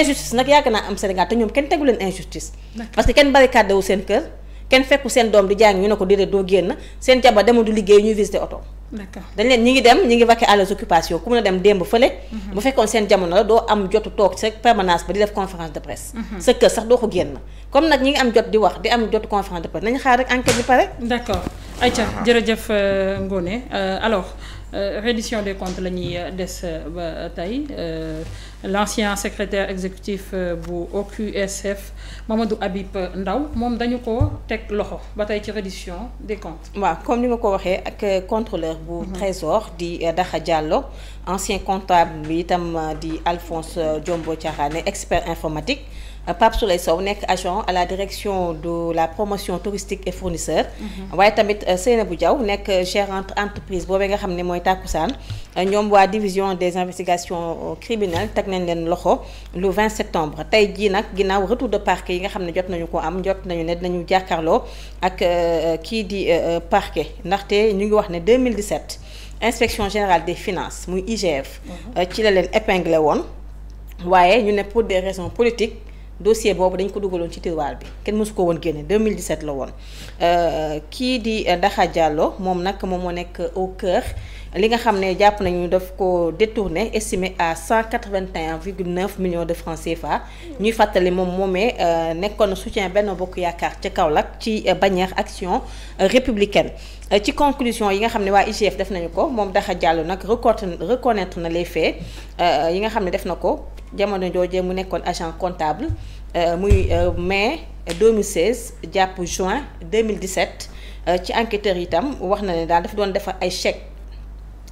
injustice nag yàgg naa am Sénégal te ñoom kenn tegu leen injustice parce que kenn barricade wu seen kër kenn fekku seen doom di jàng ñu ne ko déedéet doo génn seen jabar demul du liggéey ñuy visité oto dañ leen ñi ngi dem ñi ngi vaquer à leurs ku mën a dem démb fële mhm. bu fekkoon seen jamono la doo am jotu toog sa permanence ba di def conférence de presse mhm. sa kër sax doo ko génn comme nag ñi ngi am jot di wax di am jotu conférence de presse nañu xaar Euh, reddition des comptes la ñuy euh, des euh, ba tey l'ancien secrétaire exécutif bu OQSF Mamadou Habib Ndaw moom dañu ko teg loxo ba tey ci reddition de comptes. waaw comme ni nga ko waxee ak contrôleur bu mhm. trésor di Daxa Diallo ancien comptable bi itam di Alphonse Diombo Thiarane expert informatique. Pape Souley Sow nekk agent à la direction de la promotion touristique et fournisseur. waaye tamit euh, bu Diaw nekk euh, gérante entreprise boobee nga xam ne mooy Takusaan euh, ñoom waa division des investigations criminelles teg nañ leen loxo le 20 septembre tey jii nag ginnaaw retour de parquet yi nga xam ne jot nañu ko am jot nañu ne dinañu jàkkaarloo ak kii di parquet ndaxte ñu ngi wax ne 2017 inspection générale des finances muy IGF. Mhm. ci la leen épinglé woon waaye ñu ne pour politiques. dossier boobu dañ ko dugaloon ci tiroir bi kenn mësu ko woon génne 2017 la woon euh, kii di Ndaxa Diallo moom nag moom moo nekk au cœur li nga xam ne jàpp nañu daf ko détourné estimé à 181 virgule 9 millions de francs CFA ñuy fàttali moom moomee euh, nekkoon soutien benn bokk yaakaar ca Kaolack ci euh, bannière action républicaine ci conclusion yi nga xam ne waa IGF def nañu ko moom Ndaxa Diallo nag reco reconnaître na les faits yi nga xam ne def na ko jamono joojee mu nekkoon agent comptable euh, muy euh, mai 2016 jàpp juin 2017 euh, ci enquêteur itam wax na ne daal dafa doon defar ay chèques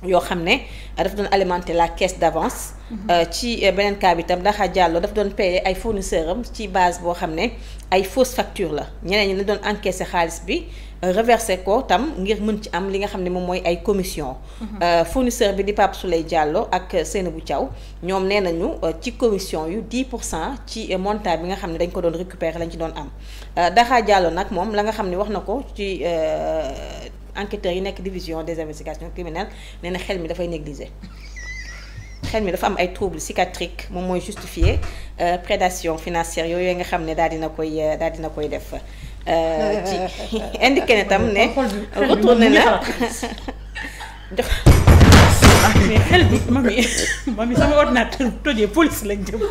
yoo xam ne dafa doon alimenter la caisse d'avance Euh, ci euh, beneen cas bi tam Daha Diallo daf doon payer ay fournisseurs am ci base boo xam ne ay fausse facture la ñeneen ñi la doon encaisser xaalis bi euh, reversé ko itam ngir mën ci am li nga xam ne moom mooy ay commission mhm. fournisseur bi di Pape Souley Diallo ak Seynabou Thiaw ñoom nee nañu ci commission yu 10 pour cent ci montant bi nga xam ne dañ ko doon récupérer lañ ci doon am Daha Diallo nag moom la nga xam ne wax na ko ci enquêteurs yi nekk division des investigations criminelles nee na xel mi dafay négligé xel mi dafa am ay troubles psychiatriques moom mooy justifier euh, prédation financière yooyu nga xam ne daal dina koy euh, daal dina koy def euh, ci indiqué na tam ne retourné na mais xel bi mami mami sama ordinateur tojee police lañ jëm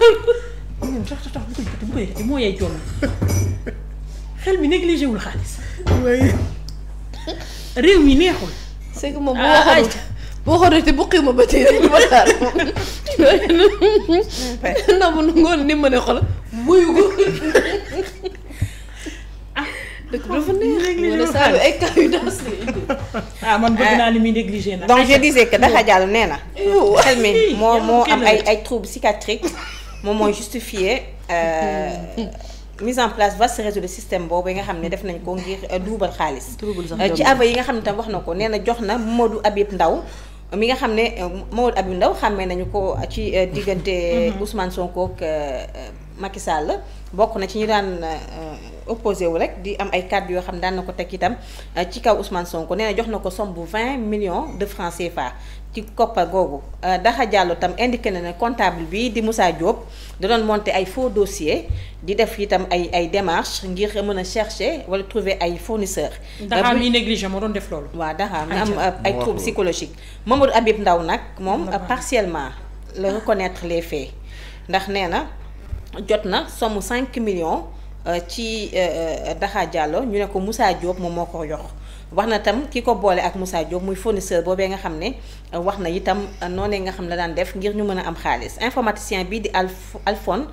xel mi négligé xaalis réew mi neexul c'est que moom bu ah, boo xoolee te bu xiw ma ba tey rek ma xaar na mu ngoon ni ma xol muyu ko ah, ah, yu daas la indi. Ah, li muy négligé nag. donc je disais que Daxa Diallo nee na. xel mi moo moo am ay ay troubles psychiatriques moom mooy justifié euh, mise en place vaste réseau de système boobu yi nga xam ne def nañ ko ngir euh, duubal xaalis. Euh, ci ava yi nga xam ne tam wax na ko nee na jox na Modou Habib Ndaw mi nga xam ne euh, Mamadou Abib Ndaw xàmmee nañu ko ci euh, diggante mm-hmm. Ousmane Sonko euh, Macky Sall bokk na ci ñu daan euh, opposé wu rek di am ay kàddu yoo xam ne daan na ko teg itam euh, ci kaw Ousmane Sonko nee na jox na ko somb bu 20 millions de francs CFA ci koppa googu euh, Daxa Diallo tam indiqué na ne comptable bi di Moussa Diop da doon monter ay faux dossier di def itam ay ay démarches ngir mën a chercher wala trouver ay fournisseurs. Daxa mi négligé moo doon def loolu. waa Daxa mi am ay troubles psychologiques Mamadou Ndaw nag moom partiellement la reconnaître les faits ndax nee na. jot na somme cinq millions euh, ci euh, euh, Daxa Diallo ñu ne ko Moussa Diop moom moo ko jox wax na tam ki ko boole ak Moussa Diop muy fornisseur boobee nga xam ne wax na itam noonee nga xam la daan def ngir ñu mën a am xaalis informaticien bii di Alf Alphone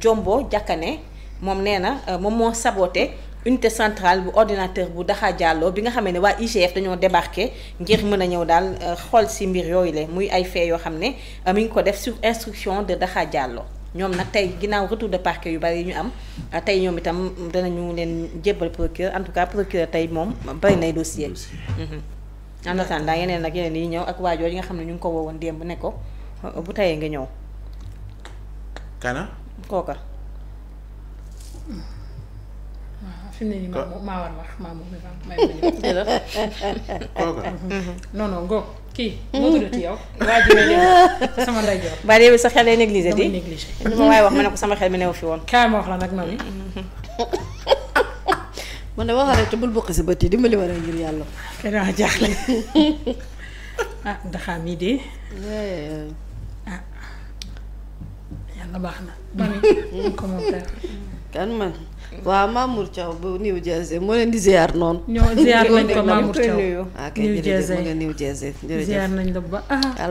Jombo Jàkkane moom nee na moom moo saboté unité centrale bu ordinateur bu Daxa Diallo bi nga xamee ne waa IGF dañoo débarqué ngir mën a ñëw daal xool si mbir yooyu le muy ay fee yoo xam ne mi ngi ko def sur instruction de Daxa Diallo. ñoom nag tey ginnaaw ko de parquet yu bari yi ñu am ah, tey ñoom itam danañu leen jébbal procureur en tout cas procureur tey moom bari nay dossier mhm. en attendant yeneen ak yeneen yi ñëw ak waajoo yi nga xam ne ñu ngi ko woowoon démb ne ko ah, bu tayee nga ñëw kana kooka ah, fi mu kii mhm. moo tuddati yow. waa ji ma sama ndeyjoor. ba yow sa xel lay négligé di lu ma waaye wax ma ne ko sama xel mi newu fi woon. kaay ma wax la nag mami. man de waxal rek te bul bokk si di ma dimbali war a ngir yàlla. kay daa jaaxle. ah ndaxam yi de. ah yàlla baax na. mami commentaire. kan man waaw Mamour Thiaw bu New Jersey moo leen di ziar noonu. ñoo ziar nañ ah, nañ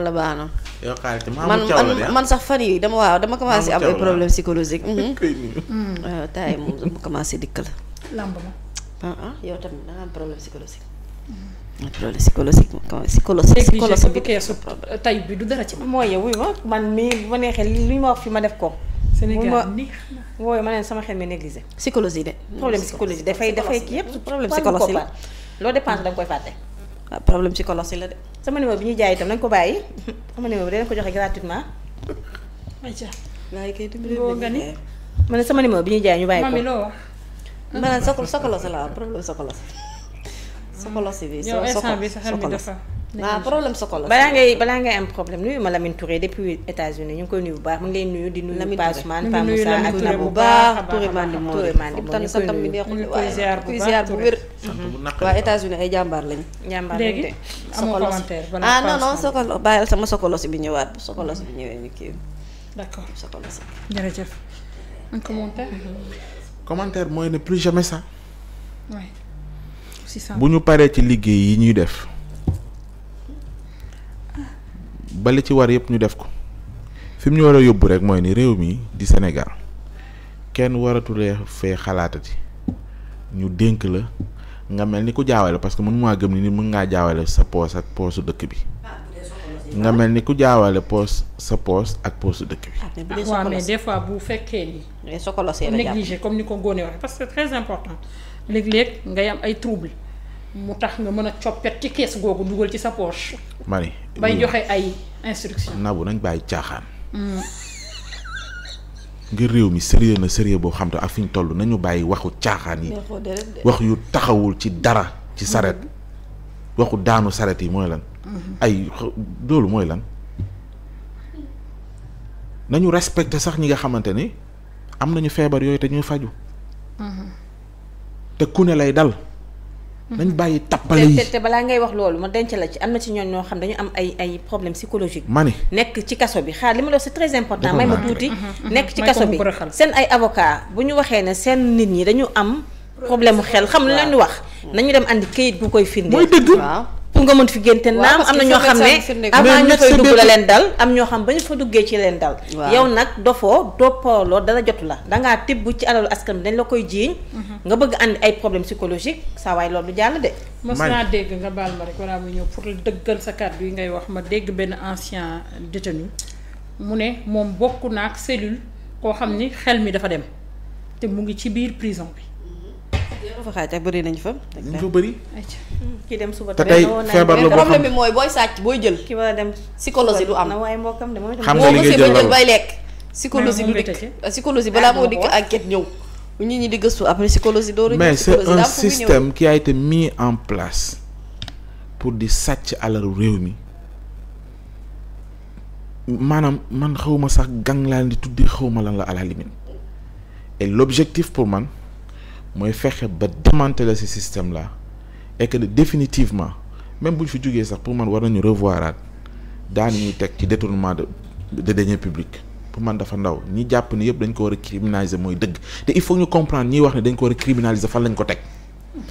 la ba ah. man ah. man sax fan yi dama waaw dama commencé am ay problème psychologique. Mhm. Mm. Euh, taay moom dama commencé dikk la. lamb ma. ah ah yow tamit da nga am problème psychologique. Mm. Ah, problème psychologique psychologique psychologique bi bi du dara ci. mooy yow ma man mii bu ma neexee li ñu ma wax fi ma def ko. Sénégal neex na wooyu ma leen sama xel mi négligé. psychologie de. problème psychologie dafay dafay kii yëpp problème psychologie la. loo dépense da nga koy fàtte. waaw ah, problème psychologie la de. sama numéro bi ñuy jaay tam nañ ko bàyyi sama numéro bi dinañ ko joxe gratuitement. ayca waaye kay dimbali nga ni ma ne sama numéro bi ñuy jaay ñu bàyyi ko mami loo wax. ma ne sokolo sokolo si la waaw problème sokolo si. sokolo si bi sokolo si bi waaw problème soko la balaa ngay balaa ngay am problème nuyu ma Lamine Touré depuis États-Unis ñu ngi koy nuyu bu baax mu ngi lay nuyu di nuyu Pa Ousmane Pa Moussa ak Nabou bu baax Touré ay jàmbaar lañu jàmbaar lañu de sokolo ah non non sama sokolo bi ñëwaat bu sokolo si bi ñëwee ñu kii d'accord sokolo si jërëjëf un commentaire commentaire mooy ne plus jamais ça bu ñu paree ci liggéey yi ñuy def ba li ci war yëpp ñu def ko fi mu ñu war a yóbbu rek mooy ni réew mi di Sénégal kenn waratulee fee xalaatati ñu dénk la nga mel ni ku jaawale parce que mën maa gëm ni ni mën ngaa jaawale sa poos ak poosu dëkk bi nga mel ni ku jaawale poos sa poos ak poosu dëkk bi. Ah, ah, waaw mais des fois bu fekkee ni. comme ni ko Ngoné parce que important léeg-léeg nga yam ay trouble mu tax nga mën a coppet ci kees googu dugal ci sa poche. mari bay joxe ay instruction nabu nañ bàyyi caaxaan. Mm. ngir réew mi sérieux na sérieux boo xam te ak fi ñu toll nañu bàyyi waxu caaxaan yi. wax yu taxawul ci dara. ci mm-hmm. saret waxu daanu saret yi mooy lan. Mm-hmm. ay doolu mooy lan nañu respecté sax ñi nga xamante ni am nañu feebar yooyu te ñuy faju mm-hmm. te ku ne lay dal. nañ bàyyi tappale yi te balaa ngay wax loolu ma denc la ci am na ci ñoom ñoo xam dañu am ay ay problème psychologique ma ne nekk ci kaso bi xaar li ma la wax c'est très important may ma tuuti mhm, mhm. nekk ci kaso bi seen ay avocat bu ñu waxee ne seen nit ñi dañu am problème mu xel xam lu nu di wax nañu dem and kayit bu koy firndeel mooy dëgg pour nga mën fi génte naam am na ñoo xam ne avant ñu fay dugg la leen dal ñoo xam ba ñu fa duggee ci leen dal yow nag dofoo doppooloo dala jotu la dangaa tibb ci alalu askan bi dañ la koy jiiñ mhm. nga bëgg ànd ay problème psychologique saa waay loolu jàll de mos naa dégg nga baal ma rek walla mu ñëw pour dëggal sa kaat yi ngay wax ma dégg benn ancien détenu mu ne moom bokk naak cellule koo xam ni xel mi dafa dem te mu ngi ci biir prison bi fa xaaj bëri nañ fa. dañ fa bëri. ki dem suba te tey feebar la boo xam bi mooy booy sàcc booy jël. ki dem psychologie du am. waaye mbokkam de mooy tam. xam nga li ngay jël loolu bay lekk. psychologie du dikk ah, psychologie balaa moo dikk enquête ñëw. nit ñi di gëstu après psychologie doo mais c'est un système ki a été mis en place pour di sàcc alalu réew mi. maanaam man xawma sax gang laa di tuddi xawma lan la à la l'objectif pour man mooy fexe ba démanteler ce système là et que définitivement même bu ñu fi jógee sax pour man war nañu revoiraat daan ñuy teg ci détournement de de deniers publics pour man dafa ndaw ñi jàpp ni yëpp dañ ko war a criminaliser mooy dëgg te il faut ñu comprendre ñiy wax ne dañ ko war a criminaliser fan lañ ko teg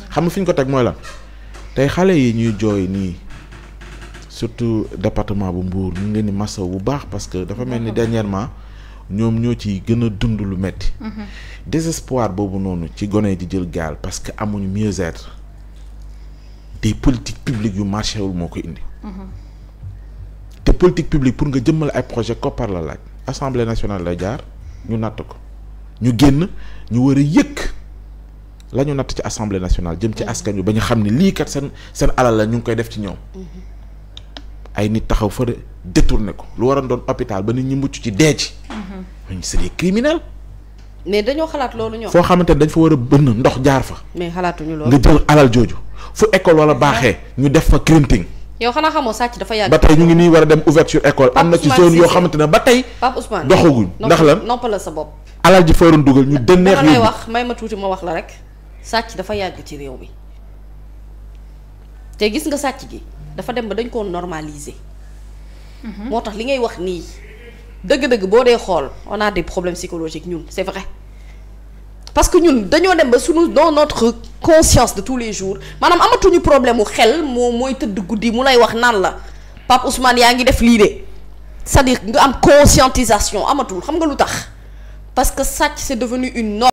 xam nga fi ñu ko teg mooy lan tey xale yi ñuy jooy nii surtout département bu Mbour ñu ngi leen di bu baax parce que dafa mel ni dernièrement. ñoom ñoo ci gën a dund lu metti mhm. désespoir boobu noonu ci gone di jël gaal parce que amuñu mieux être des politiques publiques yu marché wul moo ko indi mhm. te politique publique pour nga jëmmal ay projet koppar la laaj assemblée nationale la jaar ñu natt ko ñu génn ñu war a yëkk la natt ci assemblée nationale jëm ci mhm. askan wi ba ñu xam ne lii kat seen seen alal la ñu ngi koy def ci ñoom ay nit taxaw fa détourné ko lu waroon doon hôpital ba nit ñi mucc ci dee ci ñooñu c'est des criminels. mais dañoo xalaat loolu ñoom. foo xamante ne dañ fa war a bënn ndox jaar fa. mais xalaatuñu loolu nga jël alal jooju fu école wala baaxee ñu def fa crinting. yow xanaa xamoo sàcc dafa yàgg. ba tey ñu ngi nii war a dem ouverture école. am na ci zone yoo xamante ne ba tey. Pape Ousmane doxaguñ ndax lan noppalal sa bopp. alal ji fa waroon dugal ñu dënneex yóbbu lay wax may ma tuuti ma wax la rek sàcc dafa yàgg ci réew mi te gis nga sàcc gi dafa dem ba dañ koo normaliser. Mhm. moo tax li ngay wax nii dëgg-dëgg boo dee xool on a des problèmes psychologiques ñun c'est vrai parce que ñun dañoo dem ba suñu dans notre conscience de tous les jours maanaam amatuñu problème mu xel moo mooy tëdd guddi mu lay wax naan la Pape Ousmane yaa ngi def lii de cest dire nga am conscientisation amatul xam nga lu tax parce que sàcc c'est devenu une